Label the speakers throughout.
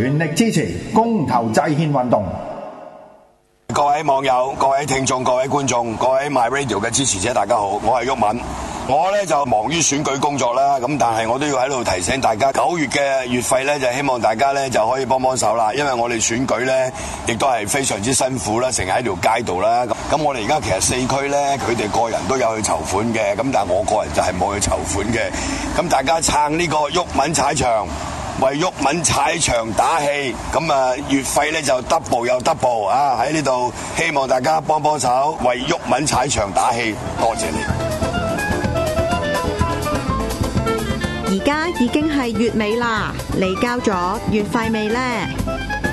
Speaker 1: 全力支持公投制憲運動！
Speaker 2: 各位網友、各位聽眾、各位觀眾、各位 my radio 嘅支持者，大家好，我係毓民。我呢就忙於選舉工作啦，咁但係我都要喺度提醒大家，
Speaker 1: 九月嘅月費呢，就希望大家呢就可以幫幫手啦，因為我哋選舉呢，亦都係非常之辛苦啦，成日喺條街度啦。咁我哋而家其實四區呢，佢哋個人都有
Speaker 2: 去籌款嘅，咁但係我個人就係冇去籌款嘅。咁大家撐呢個毓民踩場，為玉敏踩場打氣，咁啊月費咧就 double 又 double 啊！喺呢度希望大家幫幫手，為玉敏踩場打氣，多謝你。
Speaker 1: 而家已經係月
Speaker 2: 尾啦，你交咗月費未呢？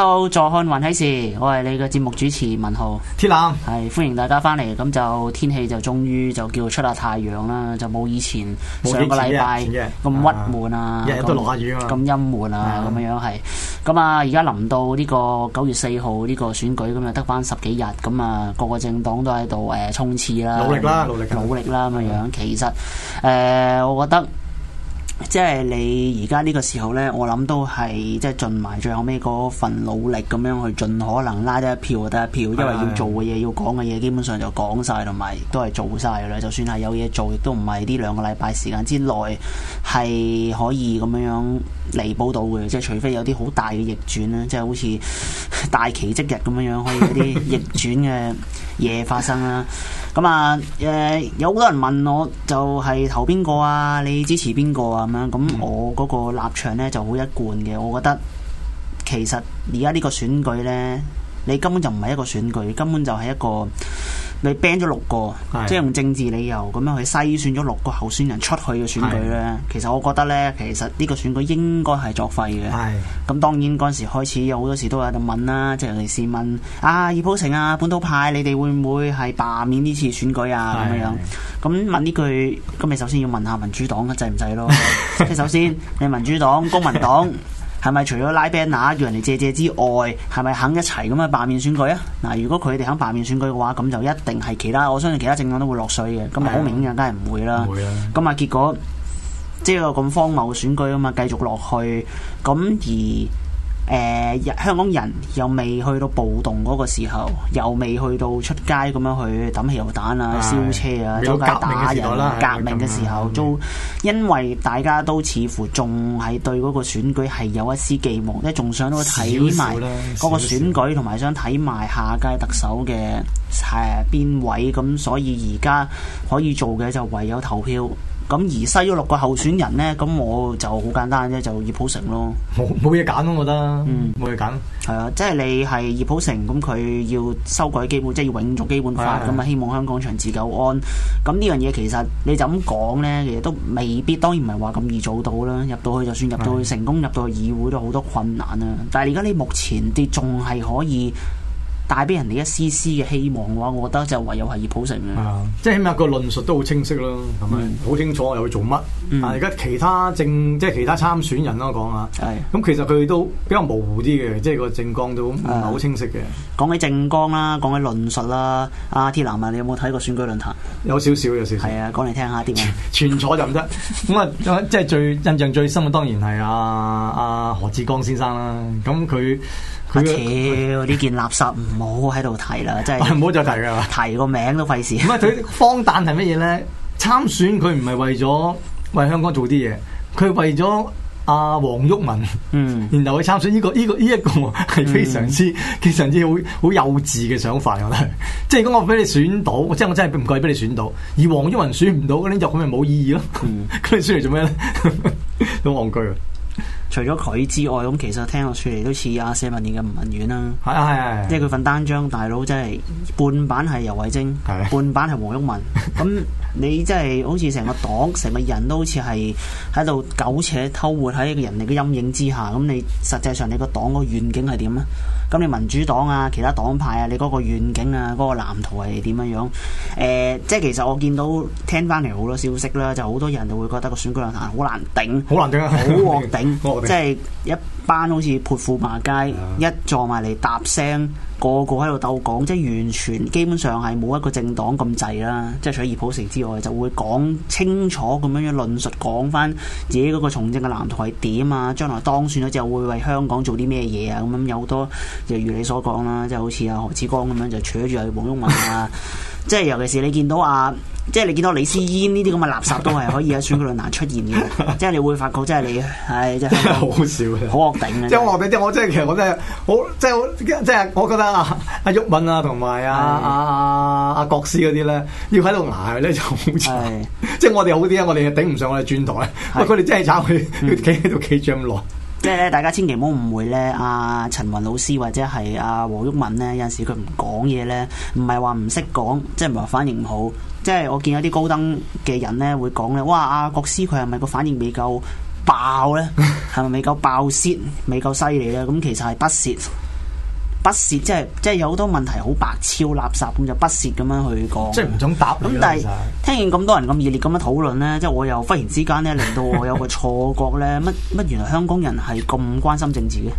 Speaker 2: hello，坐看雲起時，我係你嘅節目主持文豪、鐵男，係歡迎大家翻嚟。咁就天氣就終於就叫出下太陽啦，就冇以前上個禮拜咁鬱悶啊，日日都落下雨啊，咁陰悶啊，咁樣樣係，咁啊而家臨到呢個九月四號呢個選舉，咁又得翻十幾日，咁啊個個政黨都喺度誒衝刺啦，努力啦，努力努力啦咁樣樣，其實誒，我覺得。即係你而家呢個時候呢，我諗都係即係盡埋最後尾嗰份努力，咁樣去盡可能拉得一票就得一票，的因為要做嘅嘢，要講嘅嘢，基本上就講晒，同埋都係做晒啦。就算係有嘢做，亦都唔係呢兩個禮拜時間之內係可以咁樣彌補到嘅，即係除非有啲好大嘅逆轉咧，即係好似大奇跡日咁樣樣，可以有啲逆轉嘅嘢發生啦。 咁啊，誒有好多人問我，就係、是、投邊個啊？你支持邊個啊？咁樣，咁，我嗰個立場呢，就好一貫嘅。我覺得其實而家呢個選舉呢，你根本就唔係一個選舉，根本就係一個。你 ban 咗六個，是的 即係用政治理由咁樣去篩選咗六個候選人出去嘅選舉呢。是的 其實我覺得呢，其實呢個選舉應該係作廢嘅。咁是的 當然嗰陣時開始有好多時都有人問啦，即係尤其是問啊，熱普城啊，本土派，你哋會唔會係罷免呢次選舉啊？咁是的 樣咁問呢句，咁你首先要問，問下民主黨佢制唔制咯？ 即係首先你民主黨、公民黨。 係咪除咗拉 Banner 叫人哋借借之外，係咪肯一齊咁去罷免選舉啊？嗱，如果佢哋肯罷免選舉嘅話，咁就一定係其他。我相信其他政黨都會落水嘅，咁阿好明顯嘅梗係唔會啦。會啦。咁啊，啊結果即係個咁荒謬嘅選舉啊嘛，繼續落去咁而。誒、呃，香港人又未去到暴動嗰個時候，又未去到出街咁樣去抌汽油彈啊、燒的車啊、周的街打人革命嘅時候，都、啊、因為大家都似乎仲係對嗰個選舉係有一絲寄望，即係仲想都睇埋嗰個選舉，同埋想睇埋下屆特首嘅誒邊位，咁所以而家可以做嘅就唯有投票。咁而篩咗六個候選人呢，咁我就好簡單啫，就熱普城咯。冇冇嘢揀，我覺得，嗯，冇嘢揀。係啊，即係你係熱普城，咁佢要修改基本，即係要永續基本法咁啊。的希望香港長治久安。咁呢樣嘢其實你就咁講呢，其實都未必。當然唔係話咁易做到啦。入到去就算入到去成功的入到去議會都好多困難啊。但係而家你目前啲仲係可以，帶俾人哋一絲絲嘅希望嘅話，我覺得就唯有係葉普成熱普城啊！Illa, 嗯、cale, 即係起碼個論述都好清晰啦，咁樣好清楚又要做乜？啊！而家其他
Speaker 1: 政即係其他參選人啦，
Speaker 2: 講下。係。
Speaker 1: 咁其實佢都比較模糊啲嘅，即係、ok、個政綱都唔係好清
Speaker 2: 晰嘅。講起政綱啦，講起論述啦，阿鐵男啊，你有冇睇過選舉論壇？有少少，有少少。係啊，講嚟聽下啲咩？全錯就唔得。咁啊，即係
Speaker 1: 最印象最深嘅當然係阿阿何志剛先生啦。咁佢。佢啊！呢、啊、件垃圾唔好喺度提啦，真係唔好再提啦。提個名都費事。唔係佢荒誕係乜嘢咧？參選佢唔係為咗為香港做啲嘢，佢為咗阿黃毓民。嗯，然後去參選呢、這個呢、這個呢一、這個係非常之非常之好好幼稚嘅想法，我覺得，即係如果我俾你選到，即係我真係唔該俾你選到。而黃毓民選唔到嗰啲入咁，咪冇意義咯。佢哋出嚟做咩咧？
Speaker 2: 好戇居啊！除咗佢之外，咁其實聽落出嚟都似阿社民連嘅吳文遠啦，係啊係係， 即係佢份單張大佬真係半版係游蕙禎，半版係 黃毓民。咁 你真係好似成個黨成個人都好似係喺度苟且偷活喺一個人哋嘅陰影之下，咁你實際上你個黨個願景係點呢？咁你民主黨啊，其他黨派啊，你嗰個願景啊，嗰、嗰個藍圖係點樣？誒、呃，即係其實我見到聽翻嚟好多消息啦，就好、是、多人就會覺得個選舉論壇好難頂，好難頂、啊，好惡頂， 即係一。班好似潑婦罵街，Yeah. 一撞埋嚟，搭聲，個個喺度鬥講，即係完全基本上係冇一個政黨咁滯啦，即係除咗熱普城之外，就會講清楚咁樣樣論述，講翻自己嗰個從政嘅藍圖係點啊，將來當選咗之後會，會為香港做啲咩嘢啊，咁樣有好多，就如你所講啦，即係好似阿何志光咁樣就扯住阿黃毓民啊， 即係尤其是你見到阿、啊。即係你見到李思煙呢啲咁嘅垃圾都係可以喺選舉論壇出現嘅，即、就、係、是、你會發覺，即係你係真
Speaker 1: 係好笑，好惡頂嘅。即係我
Speaker 2: 話俾你聽， 我真係其實我
Speaker 1: 真係、ok, 好，即係即係我覺得啊，阿旭文啊，同埋啊阿啊國師嗰啲咧，要喺度挨咧就好似。即係我哋好啲啊，我哋頂唔上我哋轉台。佢哋真係炒佢，佢企喺度企咗咁耐。 咳傳掣 optimize
Speaker 2: 即係咧，大家千祈唔好誤會咧。阿陳雲老師或者係阿黃毓民咧，有陣時佢唔講嘢咧，唔係話唔識講，即係唔係話反應唔好。即係我見有啲高登嘅人咧會講咧，哇！阿、啊、國師佢係咪個反應未夠爆咧？係咪未夠爆先？未夠犀利咧？咁其實係不屑。不屑，即係即係有好多問題好白超垃圾咁就不屑咁樣去講，即係唔想答。咁但係其實 聽見咁多人咁熱烈咁樣討論呢，即係 我又忽然之間呢，令到我有個錯覺呢：乜乜原來香港人係咁關心政治嘅，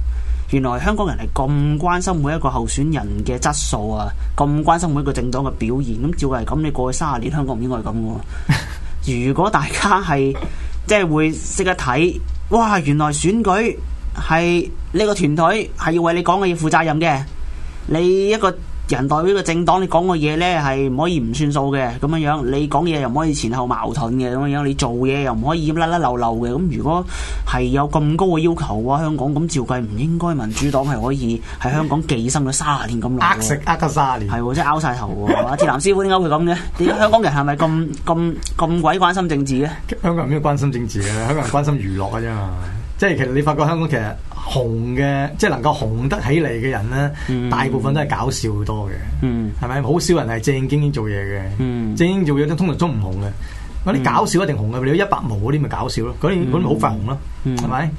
Speaker 2: 原來香港人係咁關心每一個候選人嘅質素啊，咁關心每一個政黨嘅表現。咁照係咁，你過去三十年香港唔應該係咁嘅。 如果大家係即係會識得睇，哇，原來選舉。係呢個團隊係要為你講嘅嘢負責任嘅。你一個人代表一個政黨，你講嘅嘢呢係唔可以唔算數嘅。咁樣樣，你講嘢又唔可以前後矛盾嘅。咁樣樣，你做嘢又唔可以甩甩漏漏嘅。咁如果係有咁高嘅要求啊，香港咁照計唔應該民主黨係可以喺香港寄生咗三十年咁耐。呃食呃咗三十年係喎，即係拗晒頭喎。鐵男，師傅點解會咁嘅？點解香港人係咪咁咁咁鬼關心政治嘅？香港人咩關心政治嘅？香港人
Speaker 1: 關心娛樂啊，啫嘛。即係其實你發覺香港其實紅嘅，即係能夠紅得起嚟嘅人咧，嗯、大部分都係搞笑多嘅，係咪、嗯？好少人係正經經做嘢嘅，嗯、正經經做嘢都通常都唔紅嘅。嗰啲搞笑一定紅嘅，你一百毛嗰啲咪搞笑咯，嗰啲嗰咪好快紅咯，係咪、
Speaker 2: 嗯？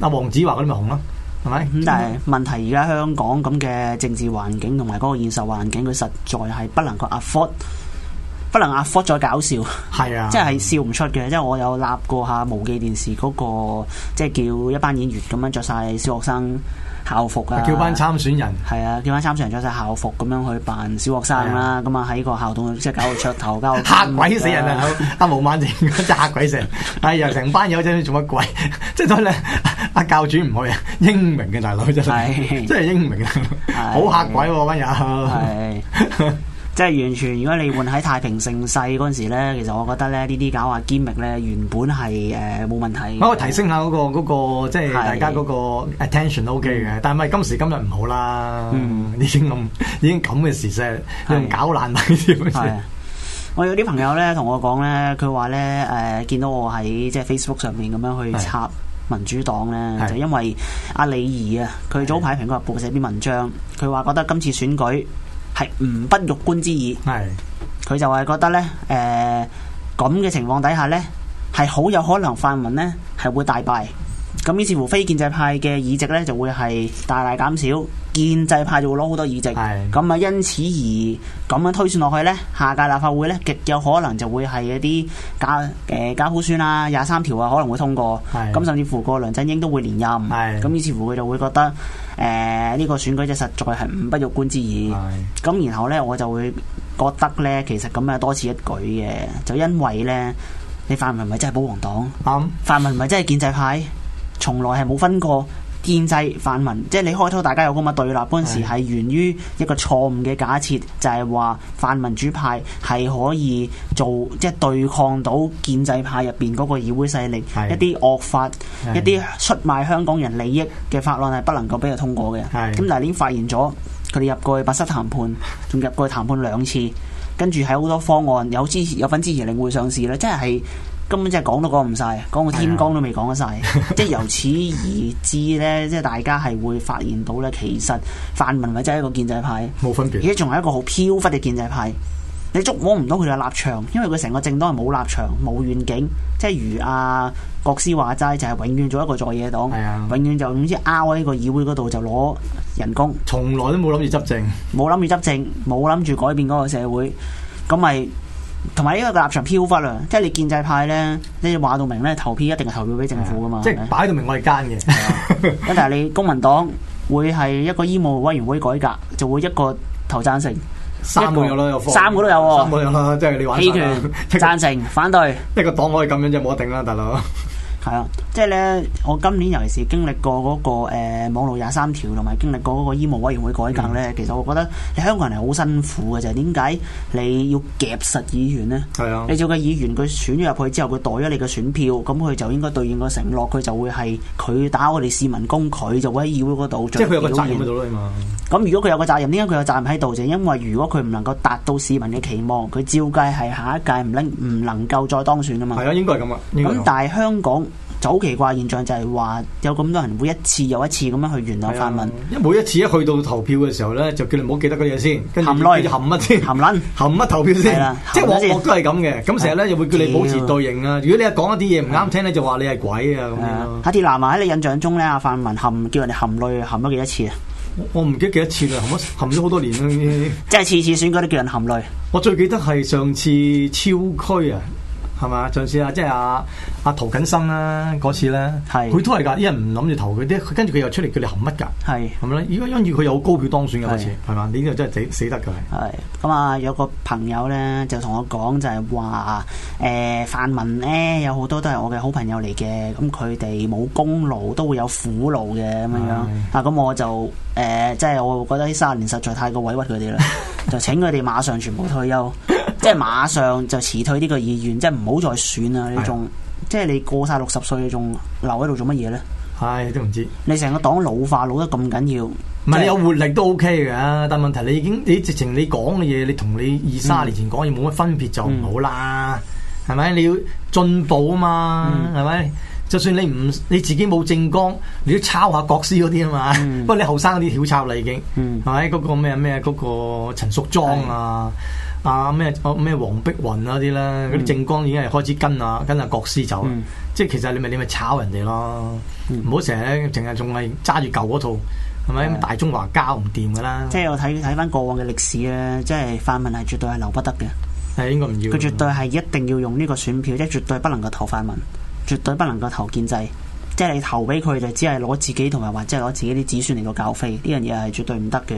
Speaker 2: 阿黃子華嗰啲咪紅咯，係咪？咁但係問題而家香港咁嘅政治環境同埋嗰個現實環境，佢實在係不能夠 afford。不能阿福再搞笑，係啊，即係笑唔出嘅。即係我有立過下無記電視嗰個，即係叫一班演員咁樣着晒小學生校服啊，叫班參選人，係啊，叫班參選人着晒校服咁樣去扮小學生啦。咁啊喺個校董即係搞個噱頭搞嚇鬼死人啊！阿毛萬成嚇鬼死，哎呀！成班友仔
Speaker 1: 做乜鬼？即係睇咧，阿教主唔去啊！英明嘅大佬真係，真係英明啊！好嚇鬼喎，
Speaker 2: 班友。即係完全，如果你換喺太平盛世嗰陣時咧，其實我覺得咧，呢啲搞話堅力咧，原本係誒冇問題。我提升下嗰、嗰個、嗰個即係大家嗰個 attention，O K 嘅。的但係唔係今時今日唔好啦。
Speaker 1: 嗯、已經咁已經咁嘅時勢，搞爛
Speaker 2: 埋。我有啲朋友咧同我講咧，佢話咧誒見到我喺即係、就是、Facebook 上面咁樣去插民主黨咧，的的就因為阿李儀啊，佢早排《蘋果日報》寫啲文章，佢話覺得今次選舉。係唔不欲觀之意，佢是就係覺得呢，誒咁嘅情況底下呢，係好有可能泛民呢係會大敗，咁於是乎非建制派嘅議席呢就會係大大減少，建制派就會攞好多議席，咁啊是因此而咁樣推算落去呢，下屆立法會呢，極有可能就會係一啲假誒假普選、呃、啊廿三條啊可能會通過，咁是甚至乎個梁振英都會連任，咁於是乎佢就會覺得。誒，呢、呃這個選舉就實在係吾不欲觀之矣，咁是然後呢，我就會覺得呢，其實咁啊多此一舉嘅，就因為呢，你泛民唔係真係保皇黨，嗯、泛民唔係真係建制派，從來係冇分過。建制泛民，即係你開頭大家有咁嘅對立，嗰陣的時係源於一個錯誤嘅假設，就係、是、話泛民主派係可以做即係、就是、對抗到建制派入邊嗰個議會勢力，的一啲惡法、的一啲出賣香港人利益嘅法案係不能夠俾佢通過嘅。咁嗱的，已經發現咗佢哋入過去白室談判，仲入過去談判兩次，跟住喺好多方案有支持、有份支持領匯上市啦，即係係。根本即係講都講唔晒，講到天光都未講得晒。即係由此而至呢，即係大家係會發現到呢，其實泛民咪真係一個建制派，冇分別，而且仲係一個好飄忽嘅建制派。你捉摸唔到佢嘅立場，因為佢成個政黨係冇立場、冇願景，即係如阿國師話齋，就係、是、永遠做一個在野黨， 永遠就總拗喺個議會嗰度就攞人工，從來都冇諗住執政，冇諗住執政，冇諗住改變嗰個社會，咁咪。同埋呢個立場飄忽啦，即係你建制派咧，你話到明咧投票一定係投票俾政府㗎嘛，即係擺到明我係奸嘅。咁但係你公民黨會係一個醫務委員會改革，就會一個投贊成三個有啦，有三個都有個三個都有啦，即係你玩曬啦，棄權、一個，贊成反對一個黨可以咁樣就冇得定啦，大佬。係啊，嗯、即係咧，我今年尤其是經歷過嗰、那個誒、呃、網路廿三條，同埋經歷過嗰個醫務委員會改革咧，嗯、其實我覺得你香港人係好辛苦嘅啫。點解你要夾實議員呢？係啊，你做個議員，佢選咗入去之後，佢袋咗你嘅選票，咁、嗯、佢就應該對應個承諾，佢就會係佢打我哋市民工，佢就會喺議會嗰度。即係佢有個責任喺度啦嘛。咁如果佢有個責任，點解佢有責任喺度？就因為如果佢唔能夠達到市民嘅期望，佢照計係下一屆唔拎，唔能夠再當選㗎嘛。係啊，應該係咁啊。咁 但係香港。就好奇怪現象就係話有咁多人會一次又一次咁樣去原諒泛民，因為每一次一去到投票嘅時候咧，就叫你唔好記得嗰嘢先，含淚含乜先，含撚含乜投票先，即係我我都係
Speaker 1: 咁嘅。咁成日咧就會叫你保持隊形啊。如果你一講一啲嘢唔啱聽咧，就話你係鬼啊咁
Speaker 2: 樣。阿鐵男啊，喺你印象中咧，泛民含叫人哋含淚含咗幾多次啊？我唔
Speaker 1: 記得幾多次啦，含咗含咗好多年啦。即係次次選舉都叫人含淚。我最記得係上次超區啊。係嘛？上次啊，即係阿阿陶錦生啦、啊，嗰次啦，佢是都係㗎，因為唔諗住投佢啲，跟住佢又出嚟叫你含乜㗎？係咁咧，如果因住佢
Speaker 2: 有高票當選嘅是次，係嘛？呢啲又真係死死得㗎係。咁啊，有個朋友咧就同我講，就係話誒泛民咧有好多都係我嘅好朋友嚟嘅，咁佢哋冇功勞都會有苦勞嘅咁是樣樣啊，咁我就誒即係我覺得呢三年實在太過委屈佢哋啦， 就請佢哋馬上全部退休。 即係馬上就辭退呢個議員，即係唔好再選啦！你仲即係你過晒六十歲，你仲留喺度做乜嘢咧？係都唔知。你成個黨老化老得咁緊要，唔係你有活力都 OK
Speaker 1: 嘅。但問題你已經你直情你講嘅嘢，你同你二三十年前講嘢冇乜分別就唔好啦。係咪你要進步啊嘛？係咪？就算你唔你自己冇政綱，你要抄下國師嗰啲啊嘛。不過你後生嗰啲曉抄你已經係咪？嗰個咩咩嗰個陳淑莊啊？啊咩哦咩黃碧雲嗰啲咧，嗰啲政綱已經係開始跟啊跟阿國師走，嗯、即係其實你咪你咪炒
Speaker 2: 人哋咯，唔好成日成日仲係揸住舊嗰套，係咪、嗯、大中華交唔掂㗎啦？即係我睇睇翻過往嘅歷史咧，即係泛民係絕對係留不得嘅，係應該唔要。佢絕對係一定要用呢個選票，即係絕對不能夠投泛民，絕對不能夠投建制。即係你投俾佢就只係攞自己同埋或者係攞自己啲子孫嚟個稿費，呢樣嘢係絕對唔得嘅。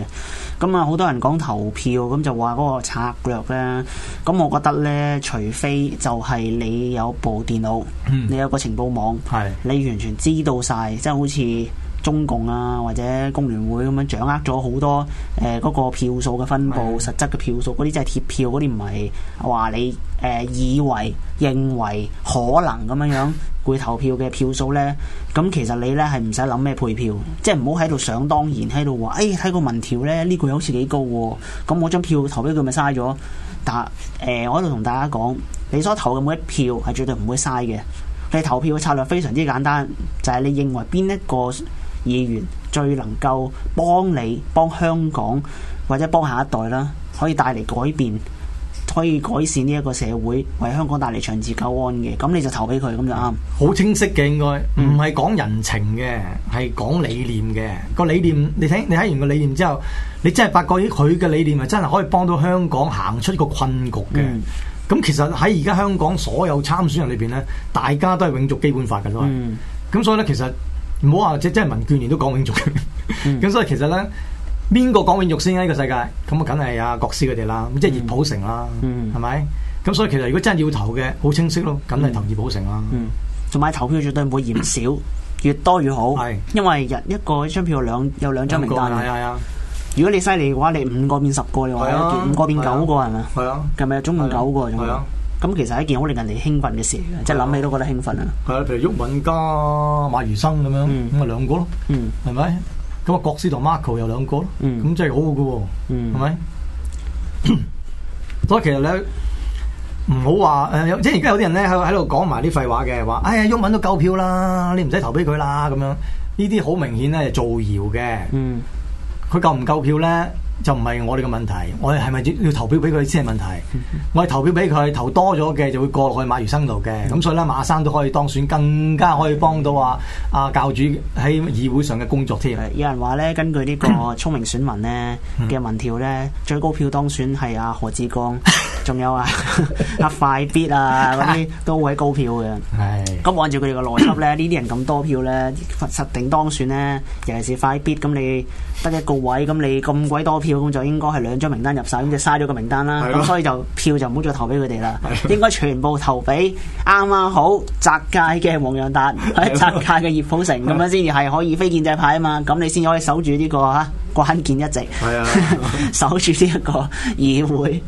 Speaker 2: 咁啊，好多人講投票，咁就話嗰個策略咧。咁我覺得呢，除非就係你有部電腦，嗯、你有個情報網，的你完全知道晒，即係好似中共啊或者工聯會咁樣掌握咗好多誒嗰、呃那個票數嘅分佈、的實質嘅票數，嗰啲真係貼票，嗰啲唔係話你誒、呃、以為認為可能咁樣樣。 會投票嘅票數呢，咁其實你呢係唔使諗咩配票，即係唔好喺度想當然喺度話，哎睇個民調呢，呢、呢個好似幾高喎，咁我張票投俾佢咪嘥咗？但誒、呃、我喺度同大家講，你所投嘅每一票係絕對唔會嘥嘅。你投票嘅策略非常之簡單，就係、係、你認為邊一個議員最能夠幫你幫香港或者幫下一代啦，可以帶嚟改變。可以改善呢一個社會，為香港帶嚟長治久安嘅，咁你就投俾佢咁就啱。好清晰嘅應該，唔係講人
Speaker 1: 情嘅，係講、嗯、理念嘅。
Speaker 2: 個理念，你睇你睇完個理
Speaker 1: 念之後，你真係發覺啲佢嘅理念係，真係可以幫到香港行出個困局嘅。咁、嗯、其實喺而家香港所有參選人裏邊咧，大家都係擁護基本法嘅咯。咁、嗯、所以咧，其實唔好話即係真係民建聯都講擁護嘅。咁、 嗯、所以其實咧。邊個講永肉先呢個世界咁啊，梗係阿國師佢哋啦，咁即係熱普城啦，係咪？咁所以其實如果真係要投嘅，好清晰咯，梗係投熱普城啦。同埋投票絕對唔會
Speaker 2: 嫌少，越多越好。因為人一個一張票有兩有兩張名單係啊，如果你犀利嘅話，你五個變十個，嘅話五個變九個係咪？係啊。係咪總共九個？係啊。咁其實係一件好令人哋興奮嘅事，即係諗起都覺得興奮啊。係啊，譬如郁敏嘉、
Speaker 1: 馬如生咁樣，咁啊兩個咯，係咪？咁啊，國師同 Marco 有兩個，咁、嗯、真係好嘅喎，係咪、嗯？所以 其實咧，唔好話誒，即係而家有啲人咧喺喺度講埋啲廢話嘅，話哎呀，毓民都夠票啦，你唔使投俾佢啦咁樣，呢啲好明顯咧係造謠嘅，佢、嗯、夠唔夠票咧？就唔係我哋嘅問題，我哋係咪要投票俾佢先係問題， 我哋投票俾佢，投多咗嘅就會過落去馬如生度嘅，咁所以咧，馬生都可以當選，更加可以
Speaker 2: 幫到啊阿、啊、教主喺議會上嘅工作添。有人話咧，根據呢個聰明選民咧嘅 民調咧，最高票當選係阿、啊、何志光，仲 有啊阿快必啊啲都位高票嘅。係咁按照佢哋嘅邏輯咧，呢啲、嗯嗯、人咁多票咧，實定當選咧，尤其是快必咁，你得一個位，咁你咁鬼多票。票工作應該係兩張名單入手，咁就嘥咗個名單啦。咁是的 所以就票就唔好再投俾佢哋啦。是的 應該全部投俾啱啱好摘界嘅黃洋達，喺摘是的 界嘅葉普成咁樣先至係可以非建制派啊嘛。咁你先可以守住呢、這個嚇、啊、關鍵一席，是的 守住呢一個議會。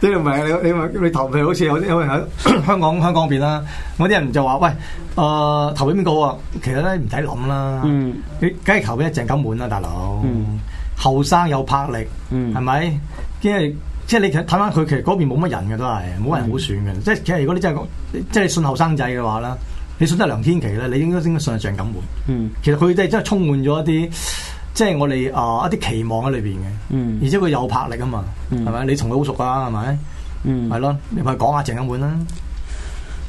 Speaker 2: 呢個唔係你你
Speaker 1: 你投，譬如好似有有啲人香港香港邊啦，我啲人就話喂，誒投俾邊個啊？其實咧唔使諗啦，你梗係投俾一隻錦滿啦，大佬。後生有魄力，係咪、嗯？因為即係你睇睇翻佢，其實嗰邊冇乜人嘅都係，冇人好選嘅。嗯、即係其實如果你真係即係信後生仔嘅話啦，你信得梁天琦咧，你應該應該信係鄭錦滿。嗯，其實佢都係真係充滿咗一啲，即係我哋啊、呃、一啲期望喺裏邊嘅。嗯，而且佢有魄力啊嘛，係咪、嗯？你同佢好熟㗎、啊，係咪？嗯，係咯，你
Speaker 2: 咪講下鄭錦滿啦。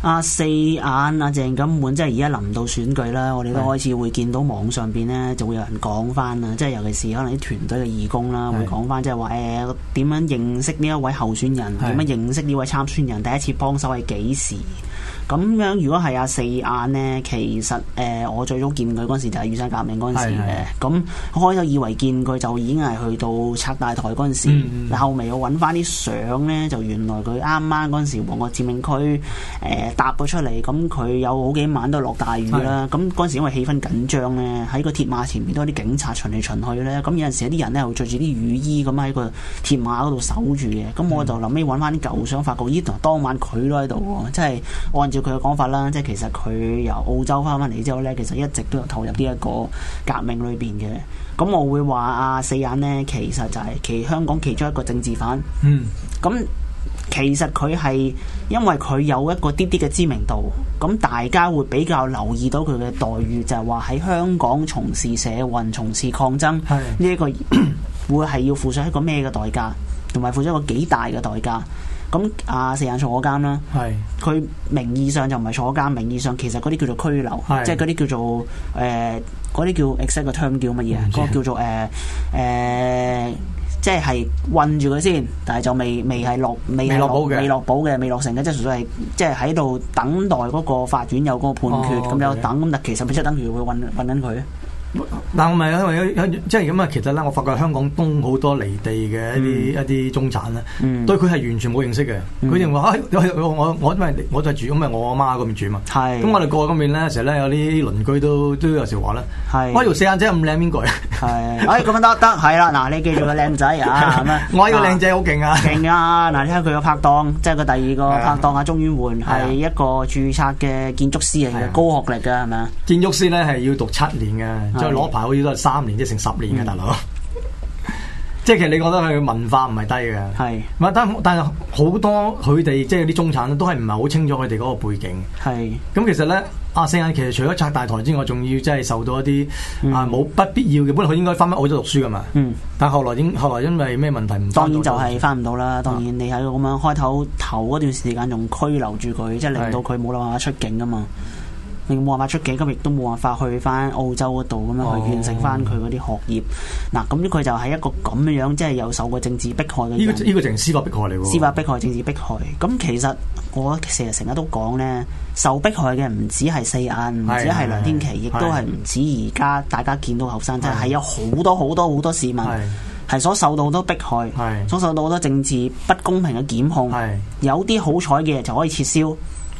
Speaker 2: 阿四眼、阿鄭金滿，本即係而家臨到選舉啦，是的 我哋都開始會見到網上邊呢，就會有人講翻啦。即係尤其是可能啲團隊嘅義工啦，是的 會講翻，即係話誒點樣認識呢一位候選人，點是的 樣認識呢位參選人，第一次幫手係幾時？咁樣如果係阿四眼呢？其實誒、呃、我最早見佢嗰時就係雨傘革命嗰陣時嘅，咁的、嗯嗯、開頭以為見佢就已經係去到拆大台嗰陣時，但、嗯、後屘我揾翻啲相呢。就原來佢啱啱嗰陣時旺角佔領區、呃、搭咗出嚟，咁佢有好幾晚都落大雨啦。咁嗰陣時因為氣氛緊張呢，喺個鐵馬前面都有啲警察巡嚟巡去呢。咁有陣時有啲人呢，會着住啲雨衣咁喺個鐵馬嗰度守住嘅。咁我就臨尾揾翻啲舊相，發覺咦？當晚佢都喺度喎，即係按按照佢嘅講法啦，即係其實佢由澳洲翻返嚟之後呢，其實一直都有投入呢一個革命裏邊嘅。咁我會話啊，四眼呢，其實就係、係、其實香港其中一個政治犯。嗯。咁其實佢係因為佢有一個啲啲嘅知名度，咁大家會比較留意到佢嘅待遇，就係話喺香港從事社運、從事抗爭呢的一個，會係要付出一個咩嘅代價，同埋付出一個幾大嘅代價。咁阿四眼坐監啦，佢是名義上就唔係坐監，名義上其實嗰啲叫做拘留，是即係嗰啲叫做誒，嗰啲叫 exact term 叫乜嘢？嗰、嗯、個叫做誒誒、呃呃，即係係困住佢先，但係就未未係落未落保嘅未落保嘅未，未落成嘅，即係純粹係即係喺度等待嗰個法院有個判決咁、哦、就等，但、嗯、okay. 其實即係等住佢困困緊佢。
Speaker 1: 但係咪因為有有即係咁啊？其實咧，我發覺香港東好多離地嘅一啲一啲中產咧，對佢係完全冇認識嘅。佢認為啊，我我我咪我就住咁咪我阿媽嗰邊住嘛。係，咁我哋過去嗰邊咧，成日咧有啲鄰居都都有時話咧，我條四眼仔咁靚邊個啊？
Speaker 2: 係，咁樣得得係啦。嗱，你記住個靚仔啊，我呢個靚仔好勁啊，勁啊！嗱，你睇下佢個拍檔，即係個第二個拍檔啊，鍾婉媛係一個注冊嘅建築師嚟嘅，高學歷嘅係咪啊？建築師咧係要讀七年嘅。再攞牌好似都係三年即成十年嘅大佬，
Speaker 1: 即係 其實你覺得佢文化唔係低嘅，係是，但但係好多佢哋即係啲中產都係唔係好清楚佢哋嗰個背景，係是。咁其實咧，阿、啊、四眼其實除咗拆大台之外，仲要即係受到一啲、嗯、啊冇不必要嘅，本來佢應該翻翻澳洲讀書噶嘛，嗯、但後來應後來因為咩問題唔
Speaker 2: 當然就係翻唔到啦。當然你喺度咁樣開頭頭嗰段時間仲拘留住佢，嗯、即係令到佢冇辦法出境㗎嘛。你冇辦法出境，咁亦都冇辦法去翻澳洲嗰度，咁樣去完成翻佢嗰啲學業。嗱、哦，咁佢就係一個咁樣樣，即係有受過政治迫害嘅。呢、這個
Speaker 1: 呢、這個就係司法迫害、司法
Speaker 2: 迫害、政治迫害。咁其實我成日成日都講呢，受迫害嘅人唔止係四眼，唔止係梁天琦，亦都係唔止而家大家見到後生仔，係有好多好多好多、多市民係所受到好多迫害，的所受到好多政治不公平嘅檢控。有啲好彩嘅，就可以撤銷。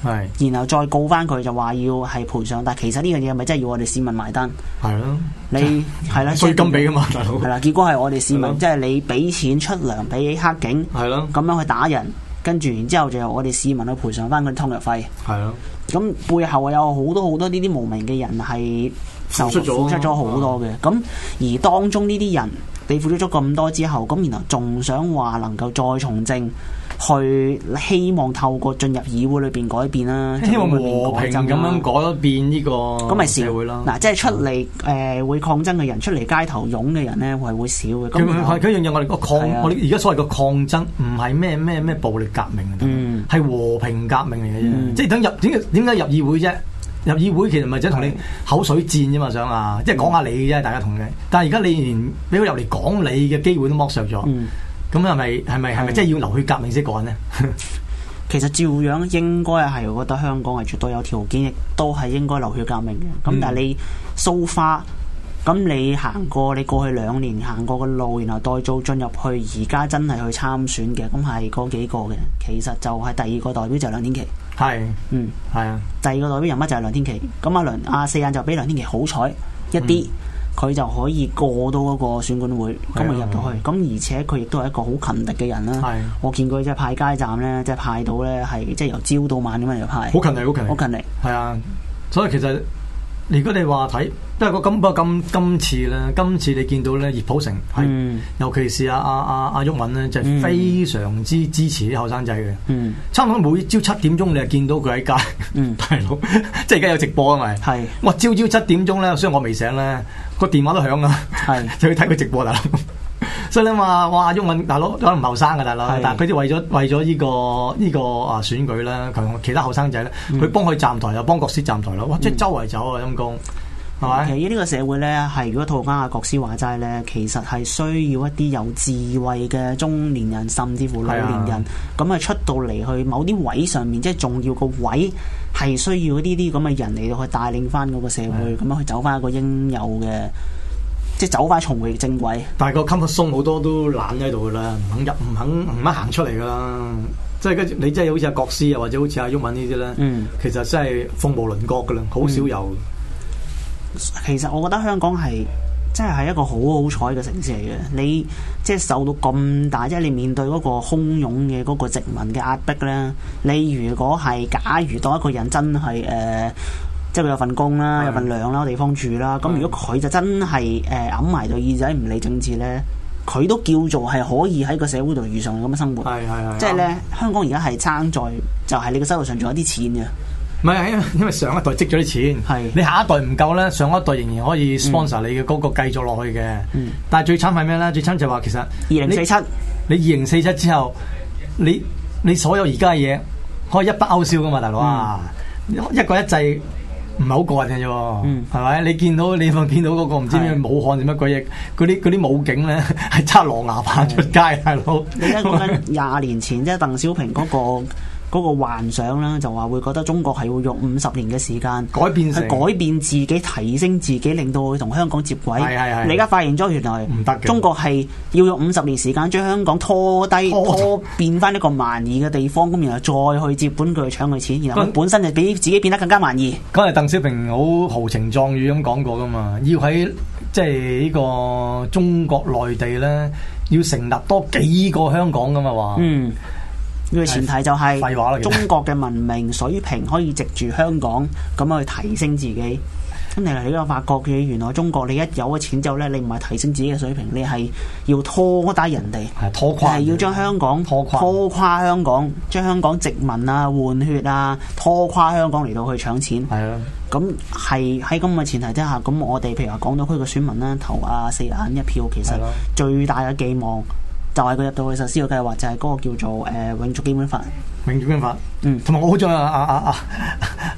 Speaker 2: 係，然後再告翻佢就話要係賠償，但係其實呢樣嘢係咪真係要我哋市民埋單？係
Speaker 1: 咯，
Speaker 2: 你係啦，所以金俾噶嘛，最好係啦。結果係我哋市民，即係你俾錢出糧俾黑警，係咯，咁樣去打人，跟住然之後就由我哋市民去賠償翻佢湯藥費，係咯。咁背後有好多好多呢啲無名嘅人係付出咗好多嘅，咁而當中呢啲人，你付出咗咁多之後，咁然後仲想話能夠再從政。去希望透過進入議會裏邊改變啦，希望和平咁樣
Speaker 1: 改變呢個社會啦。嗱，
Speaker 2: 即係出嚟誒會抗爭嘅人，的出嚟街頭湧嘅人咧，係會少嘅。咁樣
Speaker 1: 嘢，我哋個抗，我哋而
Speaker 2: 家所謂個抗爭唔係咩咩咩暴力革命，
Speaker 1: 係的和平革命嚟嘅啫。嗯、即係等入點點解入議會啫？入議會其實咪只係同你口水戰啫嘛，想啊，即係講下你啫，大家同你。但係而家你連俾我入嚟講你
Speaker 2: 嘅機會都剝削咗。嗯咁係咪，係咪，係咪即係要流血革命先講呢？ 其實照樣應該係，我覺得香港係絕對有條件，亦都係應該流血革命嘅。咁但係你蘇花，咁、嗯 so、你行過，你過去兩年行過嘅路，然後代做進入去，而家真係去參選嘅，咁係嗰幾個嘅。其實就係第二個代表就是、梁天琦。係是，嗯，係是啊。第二個代表人物就係梁天琦。咁阿梁，阿、啊、四眼就比梁天琦好彩一啲。嗯佢就可以過到嗰個選管會，咁咪入到去。咁而且佢亦都係一個好勤力嘅人啦。的我見佢即係派街站咧，即係派到咧，係即係由朝到晚咁樣派。好勤力，好勤力，好勤力。
Speaker 1: 係啊，所以其實如果你話睇，即係個今不過今今，今次咧，今次你見到咧，葉普成係、嗯，尤其是阿阿阿阿毓民咧，就、啊啊啊、非常之支持啲後生仔嘅。嗯，差唔多每朝七點鐘，你就見到佢喺街，大佬即係而家有直播啊？咪係我朝朝七點鐘咧，雖然我未醒咧。個電話都響啊，就是的 去睇佢直播大佬。 所以你話哇，毓民大佬可能唔後生噶大佬，但佢哋為咗為咗呢個呢個啊選舉咧，同其他後生仔咧，佢幫佢站台又幫國師站台咯。哇，即係周圍走啊，陰
Speaker 2: 公。嗯、其實呢個社會咧，係如果套翻阿國師話齋咧，其實係需要一啲有智慧嘅中年人，甚至乎老年人，咁啊的出到嚟去某啲位上面，即係重要個位，係需要呢啲咁嘅人嚟到去帶領翻嗰個社會，咁的樣去走翻一個應有嘅，即係走翻重回正軌。但係個 comfort zone 係鬆好多，都懶喺度噶啦，唔肯入，唔肯
Speaker 1: 唔肯行出嚟噶啦。即係跟住你即係好似阿國師啊，或者好似阿毓民呢啲咧，嗯、其實真係鳳毛麟角噶啦，好少有。嗯
Speaker 2: 其實我覺得香港係真係一個好好彩嘅城市嚟嘅，你即係受到咁大，即係你面對嗰個洶湧嘅嗰個殖民嘅壓迫呢。你如果係假如當一個人真係誒、呃，即係佢有份工啦，的有份糧啦，地方住啦，咁的如果佢就真係誒揞埋對耳仔唔理政治呢，佢都叫做係可以喺個社會度遇上咁嘅生活，即係的呢，的香港而家係撐在就係、是、你嘅收入上仲有啲錢嘅。
Speaker 1: 唔係，因為上一代積咗啲錢，的你下一代唔夠咧，上一代仍然可以 sponsor 你嘅嗰、嗰個繼續落去嘅。嗯、但係最慘係咩咧？最慘就話其實二零四七，你二零四七之後，你你所有而家嘅嘢可以一筆勾銷噶嘛，大佬啊、嗯！一國一制唔係好過癮嘅啫，係咪、嗯？你見到你望見到嗰、嗰個唔知咩武漢定乜鬼嘢，嗰啲啲武警咧係揸狼牙棒出
Speaker 2: 街，大佬的。即係講緊廿年前，即係鄧小平嗰個。 嗰個幻想啦，就話會覺得中國係會用五十年嘅時間改變，去改變自己、提升自己，令到佢同香港接軌。係係係。你而家發現咗，原來唔得嘅中國係要用五十年時間將香港拖低、拖，拖變翻一個蠻夷嘅地方，咁然後再去接本佢去搶佢錢，然後佢本身就比自己變得更加蠻夷。
Speaker 1: 咁係、嗯、鄧小平好豪情壯語咁講過噶嘛？要喺即係呢個中國內地咧，要成立多幾個香港
Speaker 2: 噶嘛？話嗯。嘅前提就係、是，中國嘅文明水平可以藉住香港咁去提升自己。咁其實 你又發覺嘅，原來中國你一有咗錢之後呢，你唔係提升自己嘅水平，你係要拖低人哋，係拖垮，要將香港拖垮，香港，將香港殖民啊、換血啊、拖垮香港嚟到去搶錢。係啊的，咁係喺咁嘅前提之下，咁我哋譬如話，港島區嘅選民咧，投啊四眼一票，其實的的最大嘅寄望。就係佢入到去實施個計劃，就係嗰個叫做誒永續基本法。永續
Speaker 1: 基本法，嗯，同埋我好中意阿阿阿阿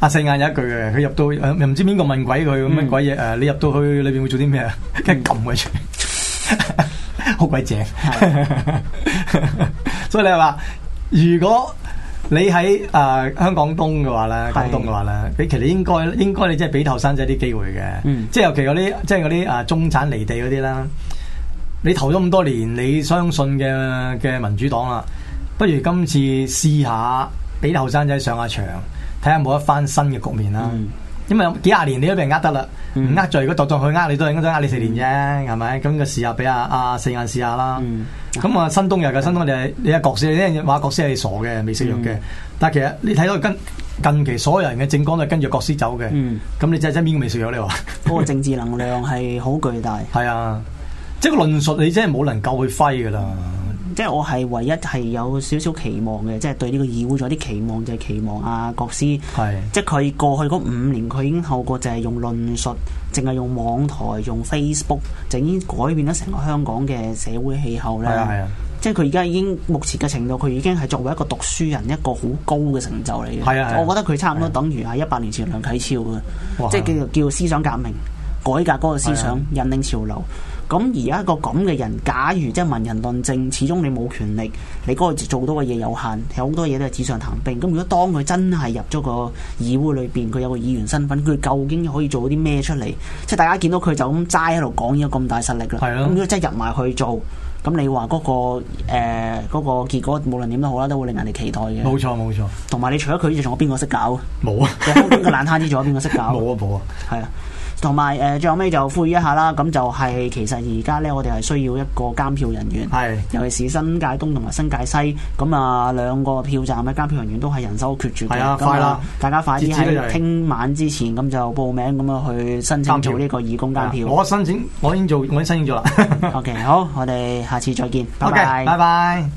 Speaker 1: 阿四眼有一句嘅，佢入到誒唔知邊個問鬼佢乜鬼嘢誒？你入到去裏邊會做啲咩啊？一撳佢出嚟。好鬼正。所以你話，如果你喺誒香港東嘅話咧，港東嘅話咧，佢其實應該應該你即係俾後生仔啲機會嘅，即係尤其嗰啲即係嗰啲誒中產離地嗰啲啦。你投咗咁多年，你相信嘅嘅民主黨啦，不如今次試下俾後生仔上下場，睇下冇一番新嘅局面啦。因為有幾廿年你都俾人呃得啦，唔呃罪，如果再再佢呃你該都係應該呃你四年啫，係咪？咁就試下俾阿阿四眼試下啦。咁啊、嗯、新東日嘅新東日你阿國師呢？話國師係傻嘅，未食藥嘅。嗯、但係其實你睇到近近期所有人嘅政綱都係跟住國師走嘅。咁、嗯、你真真邊個未食
Speaker 2: 藥你話？嗰個政治能量係好巨大。 係啊。即係論述，你真係冇能夠去揮噶啦！即係我係唯一係有少少期望嘅，即係對呢個議會仲有啲期望，就係、是、期望阿國師。係，是即係佢過去嗰五年，佢已經透過就係用論述，淨係用網台、用 Facebook，就已經改變咗成個香港嘅社會氣候咧。係啊，啊即係佢而家已經目前嘅程度，佢已經係作為一個讀書人一個好高嘅成就嚟嘅。係啊，啊我覺得佢差唔多等於係一百年前梁啟超嘅，啊啊、即係叫叫思想革命、改革嗰個思想、啊、引領潮流。咁而家一個咁嘅人，假如即係文人論政，始終你冇權力，你嗰個做到嘅嘢有限，有好多嘢都係紙上談兵。咁如果當佢真係入咗個議會裏邊，佢有個議員身份，佢究竟可以做啲咩出嚟？即係大家見到佢就咁齋喺度講，已經有咁大實力啦。係啊。咁如果真係入埋去做，咁你話嗰、嗰個誒、呃嗰個結果，無論點都好啦，都會令人哋期待嘅。冇錯，冇錯。同埋，你除咗佢，仲有邊個識搞？冇有啊， 啊！即係封頂個爛攤子，仲有邊個識搞？冇啊，冇啊，係啊。同埋誒最後尾就呼籲一下啦，咁就係其實而家咧，我哋係需要一個監票人員，的尤其是新界東同埋新界西，咁啊兩個票站嘅監票人員都係人手缺絕嘅。係啊的，快啦！大家快啲喺聽晚之前咁就報名咁樣去申請做呢個義工監票。我申請，我已經做，我已經申請咗啦。 OK，好，我哋下次再見。OK，拜拜。Okay, bye bye.